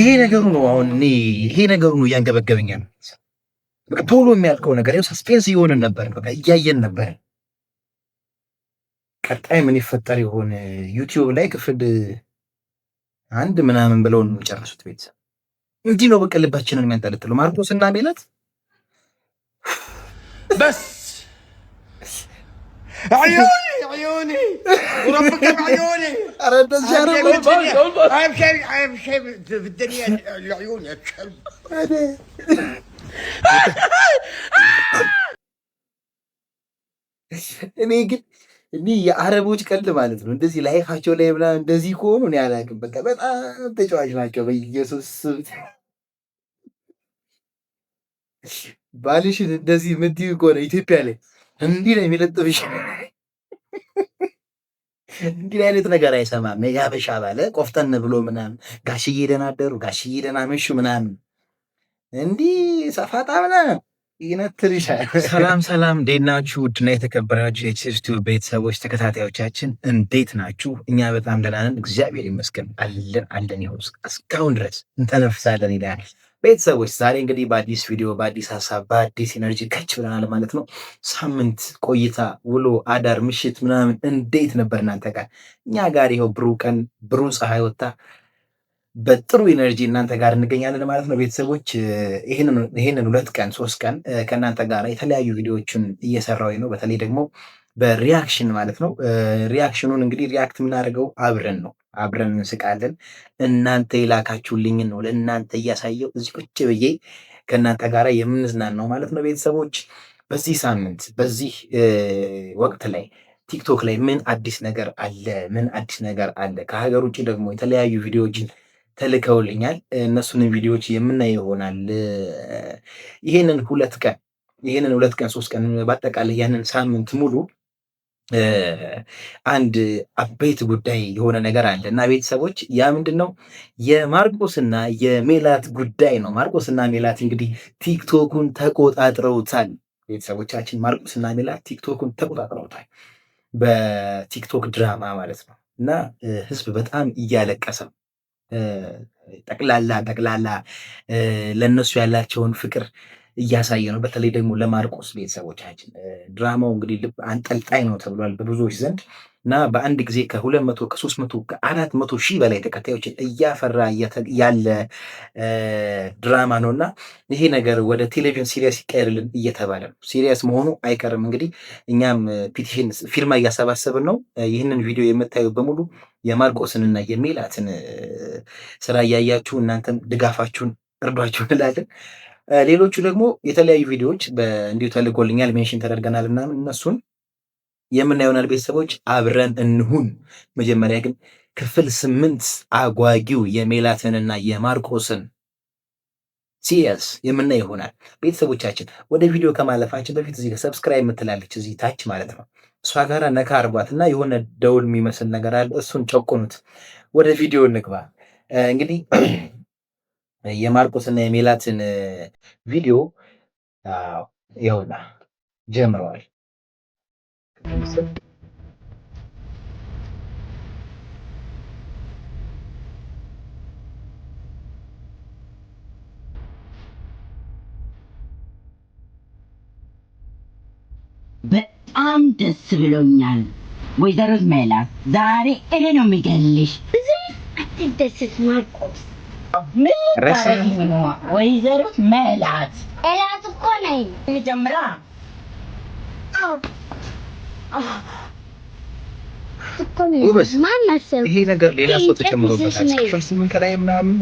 ይሄ ነገሩ ነው። አሁን እኔ ይሄ ነገሩ ነው እያንገበገበኛ በቃ ቶሎ የሚያልቀው ነገር ያው ሰስፔንስ እየሆነን ነበር፣ በቃ እያየን ነበር። ቀጣይ ምን ይፈጠር ይሆን? ዩቲዩብ ላይ ክፍል አንድ ምናምን ብለው ነው የጨረሱት። ቤተሰብ እንዲህ ነው በቃ ልባችንን የሚያንጠለጥለው። ማርቆስ እና ሜላት በስ بعيوني وربك بعيوني انا شارب اهم شيء اهم شيء في الدنيا العيون يا كلب እኔ ግን እኒህ የአረቦች ቀልድ ማለት ነው። እንደዚህ ላይፋቸው ላይ ብላ እንደዚህ ከሆኑ እኔ አላውቅም። በቃ በጣም ተጫዋች ናቸው። በኢየሱስ ባልሽን እንደዚህ ምትዩ ከሆነ ኢትዮጵያ ላይ እንዲህ ላይ የሚለጥብሽ እንዲህ አይነት ነገር አይሰማም። ያበሻ ባለ ቆፍጠን ብሎ ምናምን ጋሽዬ ደህና አደሩ ጋሽዬ ደህና መሹ ምናምን እንዲህ ሰፋጣ ምናምን ይነትርሻል። ሰላም ሰላም፣ እንዴት ናችሁ? ውድና የተከበራችሁ የችስቱ ቤተሰቦች ተከታታዮቻችን እንዴት ናችሁ? እኛ በጣም ደህና ነን፣ እግዚአብሔር ይመስገን አለን አለን። ይኸው እስካሁን ድረስ እንተነፍሳለን ይላል ቤተሰቦች ዛሬ እንግዲህ በአዲስ ቪዲዮ በአዲስ ሀሳብ በአዲስ ኤነርጂ ከች ብለናል ማለት ነው። ሳምንት ቆይታ ውሎ አዳር ምሽት ምናምን እንዴት ነበር እናንተ ጋር? እኛ ጋር ይኸው ብሩ ቀን ብሩ ፀሐይ ወታ በጥሩ ኤነርጂ እናንተ ጋር እንገኛለን ማለት ነው። ቤተሰቦች ይህንን ሁለት ቀን ሶስት ቀን ከእናንተ ጋር የተለያዩ ቪዲዮዎችን እየሰራሁኝ ነው። በተለይ ደግሞ በሪያክሽን ማለት ነው። ሪያክሽኑን እንግዲህ ሪያክት የምናደርገው አብረን ነው፣ አብረን እንስቃለን። እናንተ የላካችሁልኝን ነው ለእናንተ እያሳየው እዚህ ቁጭ ብዬ ከእናንተ ጋር የምንዝናን ነው ማለት ነው። ቤተሰቦች በዚህ ሳምንት በዚህ ወቅት ላይ ቲክቶክ ላይ ምን አዲስ ነገር አለ? ምን አዲስ ነገር አለ? ከሀገር ውጭ ደግሞ የተለያዩ ቪዲዮዎችን ተልከውልኛል። እነሱንም ቪዲዮዎች የምናይ ይሆናል። ይህንን ሁለት ቀን ይህንን ሁለት ቀን ሶስት ቀን በአጠቃላይ ያንን ሳምንት ሙሉ አንድ አበይት ጉዳይ የሆነ ነገር አለ እና ቤተሰቦች ያ ምንድን ነው? የማርቆስና የሜላት ጉዳይ ነው። ማርቆስና ሜላት እንግዲህ ቲክቶኩን ተቆጣጥረውታል። ቤተሰቦቻችን ማርቆስና ሜላት ቲክቶኩን ተቆጣጥረውታል፣ በቲክቶክ ድራማ ማለት ነው። እና ህዝብ በጣም እያለቀሰ ጠቅላላ ጠቅላላ ለእነሱ ያላቸውን ፍቅር እያሳየ ነው። በተለይ ደግሞ ለማርቆስ ቤተሰቦቻችን ድራማው እንግዲህ ልብ አንጠልጣይ ነው ተብሏል በብዙዎች ዘንድ እና በአንድ ጊዜ ከሁለት መቶ ከሶስት መቶ ከአራት መቶ ሺህ በላይ ተከታዮችን እያፈራ ያለ ድራማ ነው እና ይሄ ነገር ወደ ቴሌቪዥን ሲሪየስ ይቀየርልን እየተባለ ነው። ሲሪየስ መሆኑ አይቀርም እንግዲህ እኛም ፒቲሽን ፊርማ እያሰባሰብን ነው። ይህንን ቪዲዮ የምታዩ በሙሉ የማርቆስንና የሜላትን ስራ እያያችሁ እናንተም ድጋፋችሁን እርዷችሁ እላለን። ሌሎቹ ደግሞ የተለያዩ ቪዲዮዎች እንዲሁ ተልኮልኛል፣ ሜንሽን ተደርገናል እና እነሱን የምናየውናል። ቤተሰቦች አብረን እንሁን። መጀመሪያ ግን ክፍል ስምንት አጓጊው የሜላትንና የማርቆስን ሲስ የምናይ ይሆናል። ቤተሰቦቻችን ወደ ቪዲዮ ከማለፋችን በፊት እዚህ ሰብስክራይብ የምትላለች እዚህ ታች ማለት ነው። እሷ ጋር ነካ አርጓት እና የሆነ ደውል የሚመስል ነገር አለ፣ እሱን ጨቁኑት። ወደ ቪዲዮ እንግባ እንግዲህ የማርቆስ እና የሜላትን ቪዲዮ ይኸውና ጀምረዋል። በጣም ደስ ብሎኛል ወይዘሮ ሜላት ዛሬ እኔ ነው የሚገልሽ። ብዙ አትደስት ማርቆስ ምን ታረጊ ወይዘሮ መላት መላት እኮ ነኝ። ጀምራ ይሄ ነገር ሌላ ሰው ተጨምሮበታል። ክፍል ስምንት ምናምን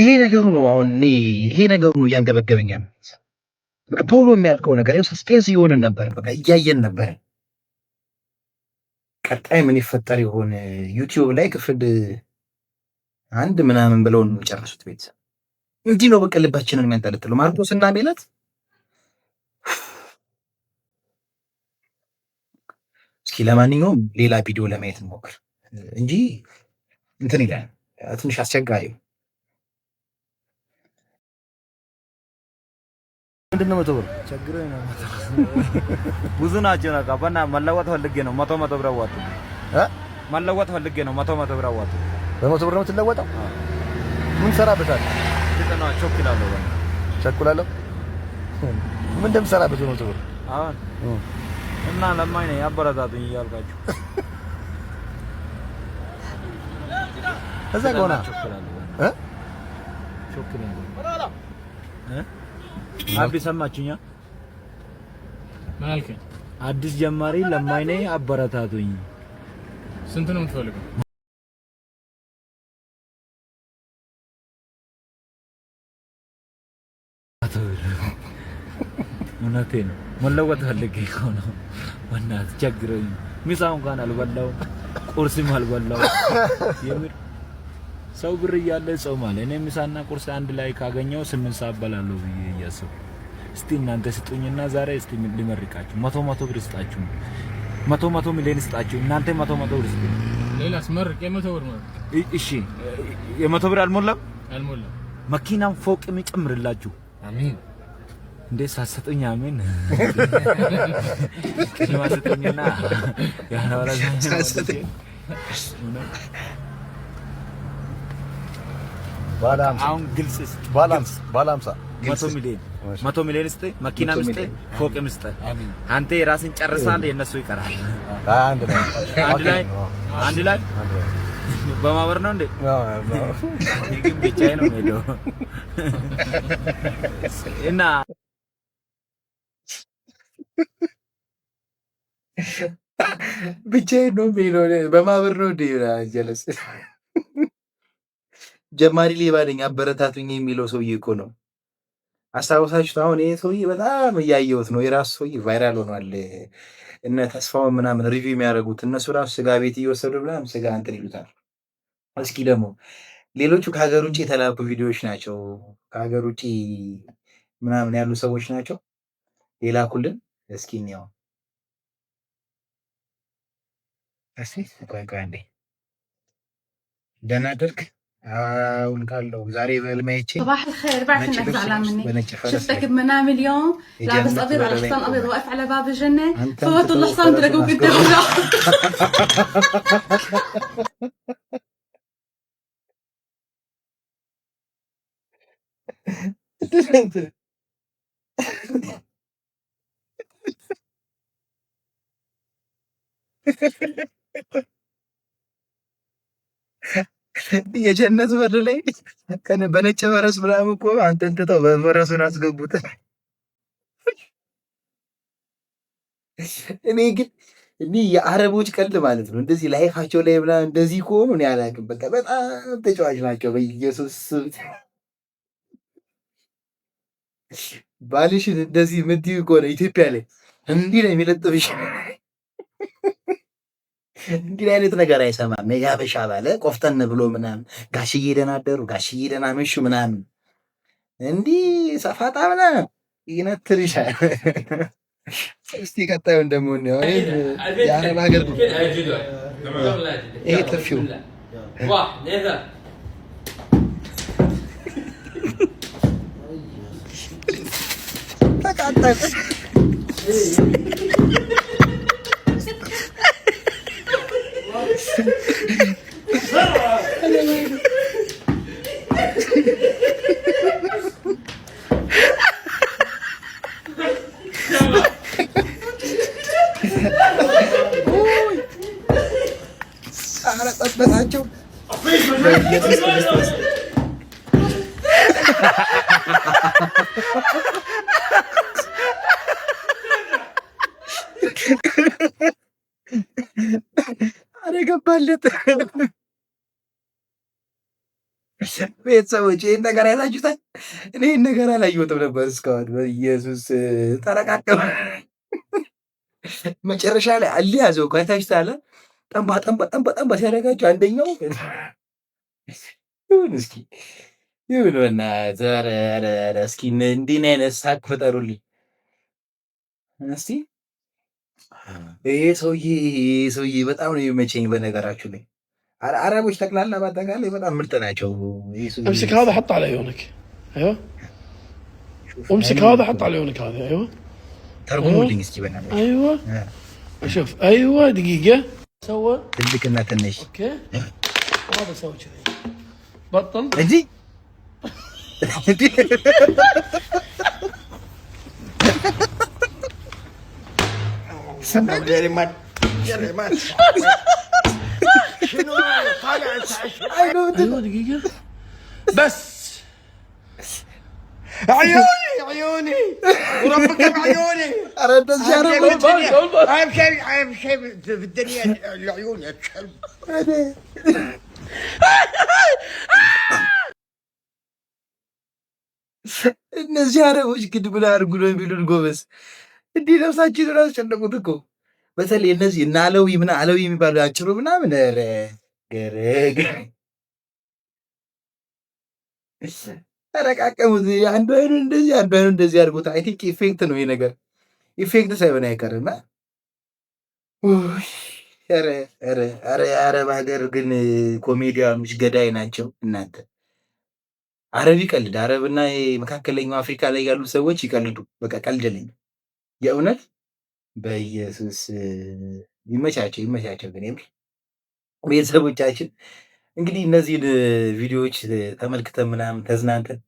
ይሄ ነገሩ ነው። አሁን እኔ ይሄ ነገሩ ነው እያንገበገበኛል። ፖሎ የሚያልቀው ነገር ሰስፔንስ እየሆንን ነበር፣ በቃ እያየን ነበር። ቀጣይ ምን ይፈጠር ይሆን? ዩቲዩብ ላይ ክፍል አንድ ምናምን ብለው ነው የጨረሱት። ቤተሰብ እንዲህ ነው በቃ ልባችንን የሚያንጠለጥለው ማርቆስ እና ሜለት እስኪ ለማንኛውም ሌላ ቪዲዮ ለማየት እንሞክር እንጂ እንትን ይላል ትንሽ አስቸጋሪ ምንድን ነው መቶ ብር ቸግሮኝ ነው። ብዙ ናቸው ነው ካባና መለወጥ ፈልጌ ነው። መቶ መቶ ብር አዋጡ እ መለወጥ ፈልጌ ነው። መቶ መቶ ብር አዋጡ። በመቶ ብር ነው የምትለወጠው? ምን ሰራበታል? ተጠና ቸኩላለሁ። ወላ ቸኩላለሁ። ምን እንደምሰራበት መቶ ብር አሁን እና ለማኝ ነኝ አበረታቱኝ እያልኳችሁ እዛ ከሆነ እ ቸኩላለሁ አብዲ ሰማችሁኛ? ማልከ አዲስ ጀማሪ ለማይኔ አበረታቱኝ። ስንት ነው የምትፈልገው? እውነቴ ነው። መለወጥ ፈልጌ እኮ ነው። ወና ቸግረኝ። ምሳ እንኳን አልበላው፣ ቁርስም አልበላው። ሰው ብር እያለ ጾማል። እኔ ምሳና ቁርስ አንድ ላይ ካገኘው ስምንት ሰዓት እበላለሁ ብዬ እያሰብኩ እስቲ እናንተ ስጡኝና ዛሬ እስቲ ልመርቃችሁ። መቶ መቶ ብር ስጣችሁ፣ መቶ መቶ ሚሊዮን ስጣችሁ። እናንተ መቶ መቶ ብር ስጡኝ። ሌላስ መርቅ፣ የመቶ ብር መርቅ። እሺ የመቶ ብር አልሞላም፣ አልሞላም። መኪናም ፎቅ የሚጨምርላችሁ አሜን። እንዴ ሳሰጡኝ አሜን ቅድማ ስጡኝና ሳሰጡኝ አሁን ግልጽ መቶ ሚሊዮን መኪና ስጥ ፎቅ ስጥ አንተ የራስን ጨርሳል፣ የእነሱ ይቀራል። አንድ ላይ አንድ ላይ ነው እንዴ? ግን ነው የምሄደው እና ብቻዬን ነው በማበር ነው እንዴ ጀለስ ጀማሪ ሌባ ነኝ አበረታቱኝ የሚለው ሰውዬ እኮ ነው። አስታውሳችሁ አሁን ይህ ሰውዬ በጣም እያየሁት ነው። የራሱ ሰውዬ ቫይራል ሆኗል። እነ ተስፋው ምናምን ሪቪው የሚያደርጉት እነሱ ራሱ ስጋ ቤት እየወሰዱ ምናምን ስጋ እንትን ይሉታል። እስኪ ደግሞ ሌሎቹ ከሀገር ውጭ የተላኩ ቪዲዮዎች ናቸው። ከሀገር ውጭ ምናምን ያሉ ሰዎች ናቸው የላኩልን። እስኪ እኒያው ደህና አደርግ አሁን ካለው ዛሬ በህልሜ አይቼ صباح الخير بعرف انك زعلان مني شفتك بمنام اليوم لابس ابيض على حصان ابيض واقف على باب الجنه فوتوا الحصان የጀነት በር ላይ በነጭ ፈረስ ምናምን እኮ አንተን ትተው በፈረሱን አስገቡት። እኔ ግን እንዲህ የአረቦች ቀልድ ማለት ነው እንደዚህ ላይፋቸው ላይ ምናምን እንደዚህ ከሆኑ እኔ አላውቅም። በቃ በጣም ተጫዋች ናቸው። በኢየሱስ ባልሽን እንደዚህ ምንድን ከሆነ ኢትዮጵያ ላይ እንዲህ ነው የሚለጥብሽ እንግዲህ አይነት ነገር አይሰማም። ያበሻ ባለ ቆፍጠን ብሎ ምናምን ጋሽዬ ደህና አደሩ ጋሽዬ ደህና መሹ ምናምን እንዲህ ሰፋጣ ምናምን ይሻል። እስቲ ቀጣዩን ደግሞ የአረብ ሀገር ይሄ ጥፊው ተቃጠል Uy! Arat at banachog. Bigyan ko ቤተሰቦች ይህን ነገር አይታችሁታል? እኔ ይህን ነገር አላየሁትም ነበር እስካሁን። በኢየሱስ ተረቃቀመ። መጨረሻ ላይ አሊ ያዘው እኮ አይታችሁታል? ጠንባ ጠንባ ጠንባ ጠንባ ሲያደርጋችሁ አንደኛው ይሁን እስኪ ይሁን ና እስኪ እንዲህን አይነት ሳቅ ፈጠሩልኝ እስቲ። ይሄ ሰውዬ ይሄ ሰውዬ በጣም ነው የመቼኝ በነገራችሁ ላይ عربوش ما بعد لي بدل شو امسك هذا حطه على عيونك ايوه امسك هذا حطه على عيونك هذا ايوه ترقموا اللي يسجبن ايوه, أيوة. اه. شوف ايوه دقيقه سوى تدك انها تنش اوكي هذا سوى كذي بطل اجي سمع جريمان جريمان شنو طالع انت عينو ايوه دقيقه بس عيوني عيوني وربك بعيوني اردت ازعل اهم شيء اهم شيء في الدنيا العيون يا كلب እነዚህ አረቦች ግድ ብላ አርጉ ነው የሚሉን ጎበዝ። እንዲህ ነፍሳችን ራሱ ጨነቁት እኮ በተለይ እነዚህ እና አለዊ ምና አለዊ የሚባሉ አጭሩ ምናምን ገረገር ተረቃቀሙት። አንዱ አይኑ እንደዚህ አንዱ አይኑ እንደዚህ አድርጎት። አይ ቲንክ ኢፌክት ነው ይሄ ነገር፣ ኢፌክት ሳይሆን አይቀርም። አረብ ሀገር ግን ኮሜዲያኖች ገዳይ ናቸው። እናንተ አረብ ይቀልድ፣ አረብና መካከለኛው አፍሪካ ላይ ያሉ ሰዎች ይቀልዱ። በቃ ቀልድ የለኝም የእውነት በኢየሱስ ይመቻቸው ይመቻቸው። ግን የምር ቤተሰቦቻችን እንግዲህ እነዚህን ቪዲዮዎች ተመልክተን ምናምን ተዝናንተን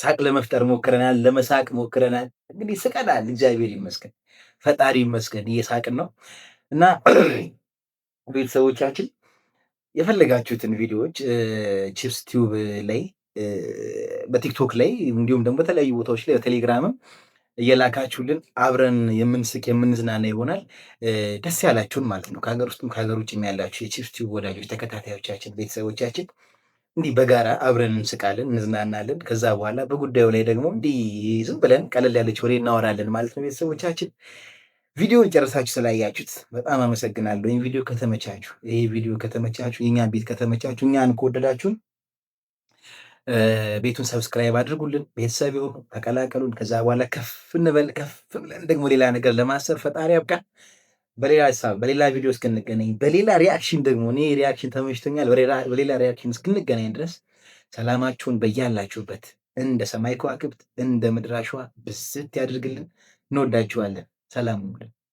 ሳቅ ለመፍጠር ሞክረናል፣ ለመሳቅ ሞክረናል። እንግዲህ ስቀናል። እግዚአብሔር ይመስገን፣ ፈጣሪ ይመስገን፣ እየሳቅን ነው እና ቤተሰቦቻችን የፈለጋችሁትን ቪዲዮዎች ቺፕስ ቲዩብ ላይ በቲክቶክ ላይ እንዲሁም ደግሞ በተለያዩ ቦታዎች ላይ በቴሌግራምም እየላካችሁልን አብረን የምንስቅ የምንዝናና ይሆናል። ደስ ያላችሁን ማለት ነው ከሀገር ውስጥም ከሀገር ውጭም ያላችሁ የቺፕስ ቲዩብ ወዳጆች፣ ተከታታዮቻችን፣ ቤተሰቦቻችን እንዲህ በጋራ አብረን እንስቃለን፣ እንዝናናለን። ከዛ በኋላ በጉዳዩ ላይ ደግሞ እንዲህ ዝም ብለን ቀለል ያለች ወሬ እናወራለን ማለት ነው። ቤተሰቦቻችን ቪዲዮን ጨርሳችሁ ስላያችሁት በጣም አመሰግናለሁ። ይህ ቪዲዮ ከተመቻችሁ ይህ ቪዲዮ ከተመቻችሁ የኛን ቤት ከተመቻችሁ እኛን ከወደዳችሁን ቤቱን ሰብስክራይብ አድርጉልን፣ ቤተሰብ ይሁኑ፣ ተቀላቀሉን። ከዛ በኋላ ከፍ እንበል። ከፍ ብለን ደግሞ ሌላ ነገር ለማሰብ ፈጣሪ ያብቃ። በሌላ ሀሳብ በሌላ ቪዲዮ እስክንገናኝ፣ በሌላ ሪያክሽን ደግሞ እኔ ሪያክሽን ተመችቶኛል። በሌላ ሪያክሽን እስክንገናኝ ድረስ ሰላማችሁን በያላችሁበት እንደ ሰማይ ከዋክብት እንደ ምድር አሸዋ ብስት ያድርግልን። እንወዳችኋለን። ሰላም ሁኑልን።